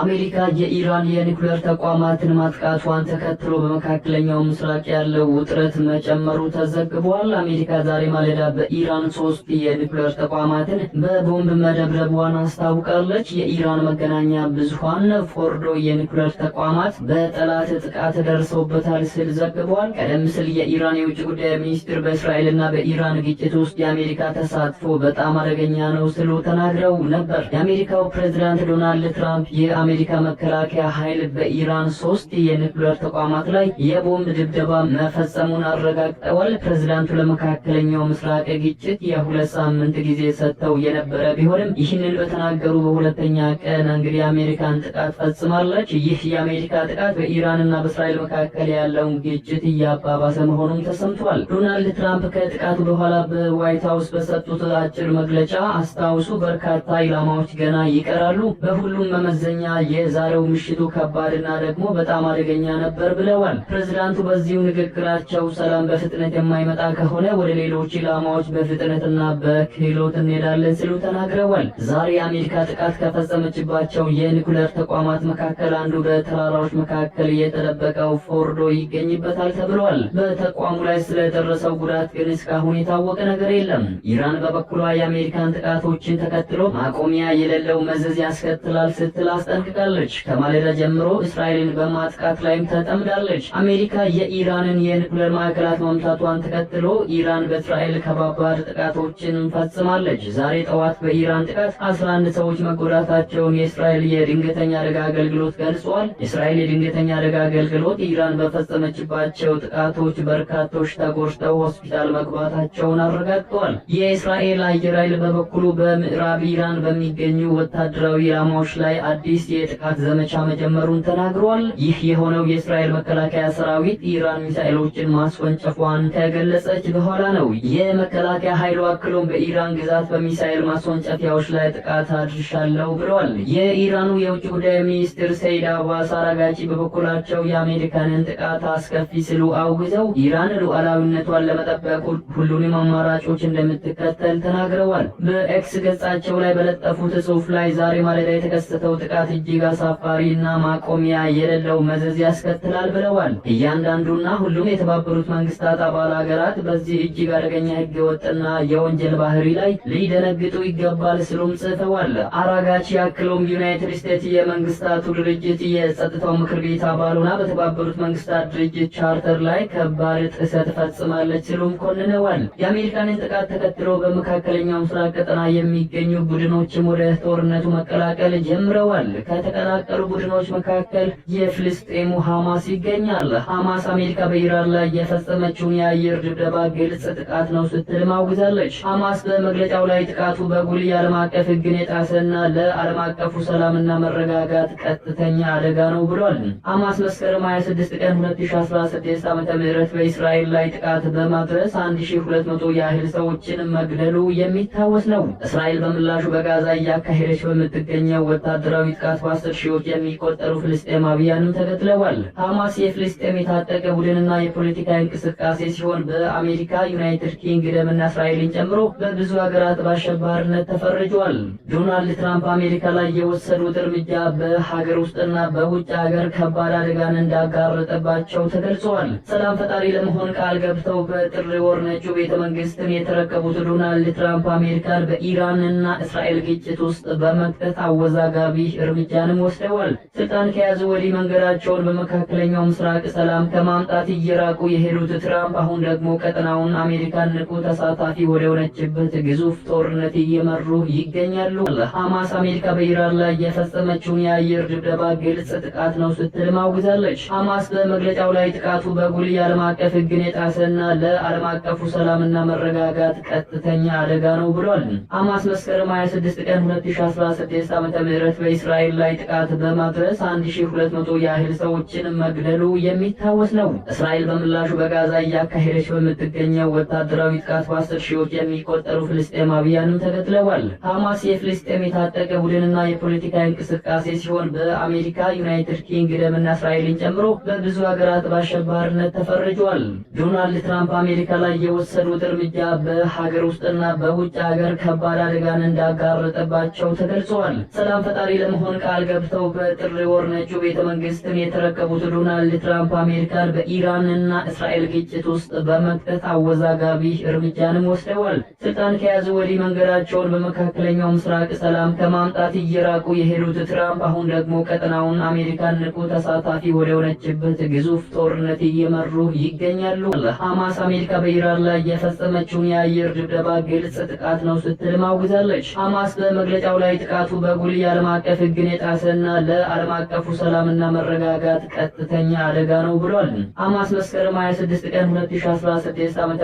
አሜሪካ የኢራን የኒኩሌር ተቋማትን ማጥቃቷን ተከትሎ በመካከለኛው ምስራቅ ያለው ውጥረት መጨመሩ ተዘግቧል። አሜሪካ ዛሬ ማለዳ በኢራን ሶስት የኒኩሌር ተቋማትን በቦምብ መደብደቧን አስታውቃለች። የኢራን መገናኛ ብዙኃን ፎርዶ የኒኩሌር ተቋማት በጠላት ጥቃት ደርሰውበታል ስል ዘግቧል። ቀደም ሲል የኢራን የውጭ ጉዳይ ሚኒስትር በእስራኤልና በኢራን ግጭት ውስጥ የአሜሪካ ተሳትፎ በጣም አደገኛ ነው ስሉ ተናግረው ነበር። የአሜሪካው ፕሬዚዳንት ዶናልድ ትራምፕ የ የአሜሪካ መከላከያ ኃይል በኢራን ሶስት የኒኩሌር ተቋማት ላይ የቦምብ ድብደባ መፈጸሙን አረጋግጠዋል። ፕሬዝዳንቱ ለመካከለኛው ምስራቅ ግጭት የሁለት ሳምንት ጊዜ ሰጥተው የነበረ ቢሆንም ይህንን በተናገሩ በሁለተኛ ቀን እንግዲህ የአሜሪካን ጥቃት ፈጽማለች። ይህ የአሜሪካ ጥቃት በኢራንና በእስራኤል መካከል ያለውን ግጭት እያባባሰ መሆኑም ተሰምቷል። ዶናልድ ትራምፕ ከጥቃቱ በኋላ በዋይት ሀውስ በሰጡት አጭር መግለጫ አስታውሱ፣ በርካታ ኢላማዎች ገና ይቀራሉ፣ በሁሉም መመዘኛ የዛሬው ምሽቱ ከባድና ደግሞ በጣም አደገኛ ነበር ብለዋል። ፕሬዝዳንቱ በዚሁ ንግግራቸው ሰላም በፍጥነት የማይመጣ ከሆነ ወደ ሌሎች ኢላማዎች በፍጥነትና በክህሎት እንሄዳለን ሲሉ ተናግረዋል። ዛሬ አሜሪካ ጥቃት ከፈጸመችባቸው የኒኩለር ተቋማት መካከል አንዱ በተራራዎች መካከል የተደበቀው ፎርዶ ይገኝበታል ተብሏል። በተቋሙ ላይ ስለደረሰው ጉዳት ግን እስካሁን የታወቀ ነገር የለም። ኢራን በበኩሏ የአሜሪካን ጥቃቶችን ተከትሎ ማቆሚያ የሌለው መዘዝ ያስከትላል ስትል አስጠንቅቃለች። ከማለዳ ጀምሮ እስራኤልን በማጥቃት ላይም ተጠምዳለች። አሜሪካ የኢራንን የኒኩሌር ማዕከላት መምታቷን ተከትሎ ኢራን በእስራኤል ከባባድ ጥቃቶችን ፈጽማለች። ዛሬ ጠዋት በኢራን ጥቃት 11 ሰዎች መጎዳታቸውን የእስራኤል የድንገተኛ አደጋ አገልግሎት ገልጿል። እስራኤል የድንገተኛ አደጋ አገልግሎት ኢራን በፈጸመችባቸው ጥቃቶች በርካቶች ተጎድተው ሆስፒታል መግባታቸውን አረጋግጧል። የእስራኤል አየር ኃይል በበኩሉ በምዕራብ ኢራን በሚገኙ ወታደራዊ ኢላማዎች ላይ አዲስ መንግስት የጥቃት ዘመቻ መጀመሩን ተናግሯል። ይህ የሆነው የእስራኤል መከላከያ ሰራዊት ኢራን ሚሳኤሎችን ማስወንጨፏን ከገለጸች በኋላ ነው። የመከላከያ ኃይሉ አክሎም በኢራን ግዛት በሚሳኤል ማስወንጨፊያዎች ላይ ጥቃት አድርሻለሁ ብለዋል። የኢራኑ የውጭ ጉዳይ ሚኒስትር ሰይድ አባስ አራጋቺ በበኩላቸው የአሜሪካንን ጥቃት አስከፊ ሲሉ አውግዘው ኢራን ሉዓላዊነቷን ለመጠበቅ ሁሉንም አማራጮች እንደምትከተል ተናግረዋል። በኤክስ ገጻቸው ላይ በለጠፉት ጽሑፍ ላይ ዛሬ ማለዳ የተከሰተው ጥቃት እጅግ አሳፋሪና ማቆሚያ የሌለው መዘዝ ያስከትላል ብለዋል። እያንዳንዱና ሁሉም የተባበሩት መንግስታት አባል ሀገራት በዚህ እጅግ አደገኛ ወጥና የወንጀል ባህሪ ላይ ሊደነግጡ ይገባል ስሉም ጽፈዋል። አራጋች ያክለውም ዩናይትድ ስቴትስ የመንግስታቱ ድርጅት የጸጥታው ምክር ቤት አባሉና በተባበሩት መንግስታት ድርጅት ቻርተር ላይ ከባድ ጥሰት ፈጽማለች ስሉም ኮንነዋል። የአሜሪካንን ጥቃት ተከትሎ በመካከለኛው ምስራቅ ቀጠና የሚገኙ ቡድኖችም ወደ ጦርነቱ መቀላቀል ጀምረዋል። ከተቀናቀሉ ቡድኖች መካከል የፍልስጤሙ ሐማስ ይገኛል። ሐማስ አሜሪካ በኢራን ላይ የፈጸመችውን የአየር ድብደባ ግልጽ ጥቃት ነው ስትል ማውግዛለች። ሐማስ በመግለጫው ላይ ጥቃቱ በጉል ዓለም አቀፍ ሕግን የጣሰና ለዓለም አቀፉ ሰላምና መረጋጋት ቀጥተኛ አደጋ ነው ብሏል። ሐማስ መስከረም 26 ቀን 2016 ዓ.ም በእስራኤል ላይ ጥቃት በማድረስ 1200 ያህል ሰዎችን መግደሉ የሚታወስ ነው። እስራኤል በምላሹ በጋዛ እያካሄደች በምትገኘው ወታደራዊ ጥቃት በአስር ሺዎች የሚቆጠሩ ፍልስጤማውያንም ተከትለዋል። ሐማስ የፍልስጤም የታጠቀ ቡድንና የፖለቲካ እንቅስቃሴ ሲሆን በአሜሪካ ዩናይትድ ኪንግደምና እስራኤልን ጨምሮ በብዙ ሀገራት በአሸባሪነት ተፈርጇል። ዶናልድ ትራምፕ አሜሪካ ላይ የወሰዱት እርምጃ በሀገር ውስጥና በውጭ ሀገር ከባድ አደጋን እንዳጋረጠባቸው ተገልጿል። ሰላም ፈጣሪ ለመሆን ቃል ገብተው በጥር ወር ነጩ ቤተ መንግስትን የተረከቡት ዶናልድ ትራምፕ አሜሪካን በኢራንና እስራኤል ግጭት ውስጥ በመክተት አወዛጋቢ እርምጃ እርምጃንም ወስደዋል። ስልጣን ከያዙ ወዲህ መንገዳቸውን በመካከለኛው ምስራቅ ሰላም ከማምጣት እየራቁ የሄዱት ትራምፕ አሁን ደግሞ ቀጠናውን አሜሪካን ንቁ ተሳታፊ ወደ ሆነችበት ግዙፍ ጦርነት እየመሩ ይገኛሉ። ሐማስ አሜሪካ በኢራን ላይ የፈጸመችውን የአየር ድብደባ ግልጽ ጥቃት ነው ስትል ማውግዛለች። ሐማስ በመግለጫው ላይ ጥቃቱ በጉል የዓለም አቀፍ ሕግን የጣሰና ለዓለም አቀፉ ሰላምና መረጋጋት ቀጥተኛ አደጋ ነው ብሏል። ሐማስ መስከረም 26 ቀን 2016 ም በእስራኤል ላይ ጥቃት በማድረስ 1200 ያህል ሰዎችን መግደሉ የሚታወስ ነው። እስራኤል በምላሹ በጋዛ እያካሄደች በምትገኘው ወታደራዊ ጥቃት በአስር ሺዎች የሚቆጠሩ ፍልስጤማውያንም ተገድለዋል። ሐማስ የፍልስጤም የታጠቀ ቡድንና የፖለቲካ እንቅስቃሴ ሲሆን በአሜሪካ ዩናይትድ ኪንግደምና እስራኤልን ጨምሮ በብዙ ሀገራት በአሸባሪነት ተፈርጇል። ዶናልድ ትራምፕ አሜሪካ ላይ የወሰዱት እርምጃ በሀገር ውስጥና በውጭ ሀገር ከባድ አደጋን እንዳጋረጠባቸው ተገልጿል። ሰላም ፈጣሪ ለመሆን ቃል ገብተው በጥር ወር ነጩ ቤተ መንግስትን የተረከቡት ዶናልድ ትራምፕ አሜሪካን በኢራን እና እስራኤል ግጭት ውስጥ በመክተት አወዛጋቢ እርምጃንም ወስደዋል። ስልጣን ከያዙ ወዲህ መንገዳቸውን በመካከለኛው ምስራቅ ሰላም ከማምጣት እየራቁ የሄዱት ትራምፕ አሁን ደግሞ ቀጠናውን አሜሪካን ንቁ ተሳታፊ ወደ ሆነችበት ግዙፍ ጦርነት እየመሩ ይገኛሉ። ሐማስ አሜሪካ በኢራን ላይ የፈጸመችውን የአየር ድብደባ ግልጽ ጥቃት ነው ስትል ማውግዛለች። ሐማስ በመግለጫው ላይ ጥቃቱ በጉል የዓለም አቀፍ ህግ ሕግን የጣሰና ለዓለም አቀፉ ሰላምና መረጋጋት ቀጥተኛ አደጋ ነው ብሏል። ሐማስ መስከረም 26 ቀን 2016 ዓ.ም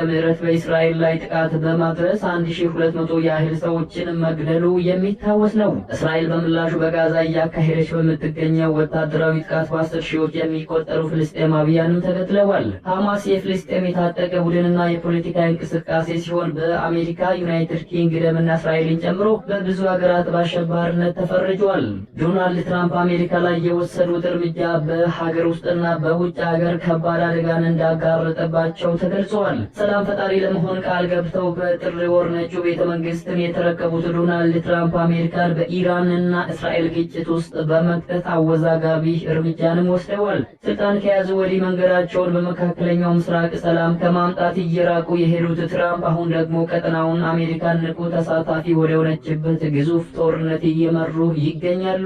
በእስራኤል ላይ ጥቃት በማድረስ 1200 ያህል ሰዎችን መግደሉ የሚታወስ ነው። እስራኤል በምላሹ በጋዛ እያካሄደች በምትገኘው ወታደራዊ ጥቃት በአስር ሺዎች የሚቆጠሩ ፍልስጤማውያንም ተገድለዋል። ሐማስ የፍልስጤም የታጠቀ ቡድንና የፖለቲካ እንቅስቃሴ ሲሆን በአሜሪካ ዩናይትድ ኪንግደምና እስራኤልን ጨምሮ በብዙ ሀገራት በአሸባሪነት ተፈርጇል። ዶናልድ ትራምፕ አሜሪካ ላይ የወሰዱት እርምጃ በሀገር ውስጥና በውጭ ሀገር ከባድ አደጋን እንዳጋረጠባቸው ተገልጸዋል። ሰላም ፈጣሪ ለመሆን ቃል ገብተው በጥር ወር ነጩ ቤተ መንግስትን የተረከቡት ዶናልድ ትራምፕ አሜሪካን በኢራንና እስራኤል ግጭት ውስጥ በመክተት አወዛጋቢ እርምጃንም ወስደዋል። ስልጣን ከያዙ ወዲህ መንገዳቸውን በመካከለኛው ምስራቅ ሰላም ከማምጣት እየራቁ የሄዱት ትራምፕ አሁን ደግሞ ቀጠናውን አሜሪካን ንቁ ተሳታፊ ወደ ሆነችበት ግዙፍ ጦርነት እየመሩ ይገኛሉ።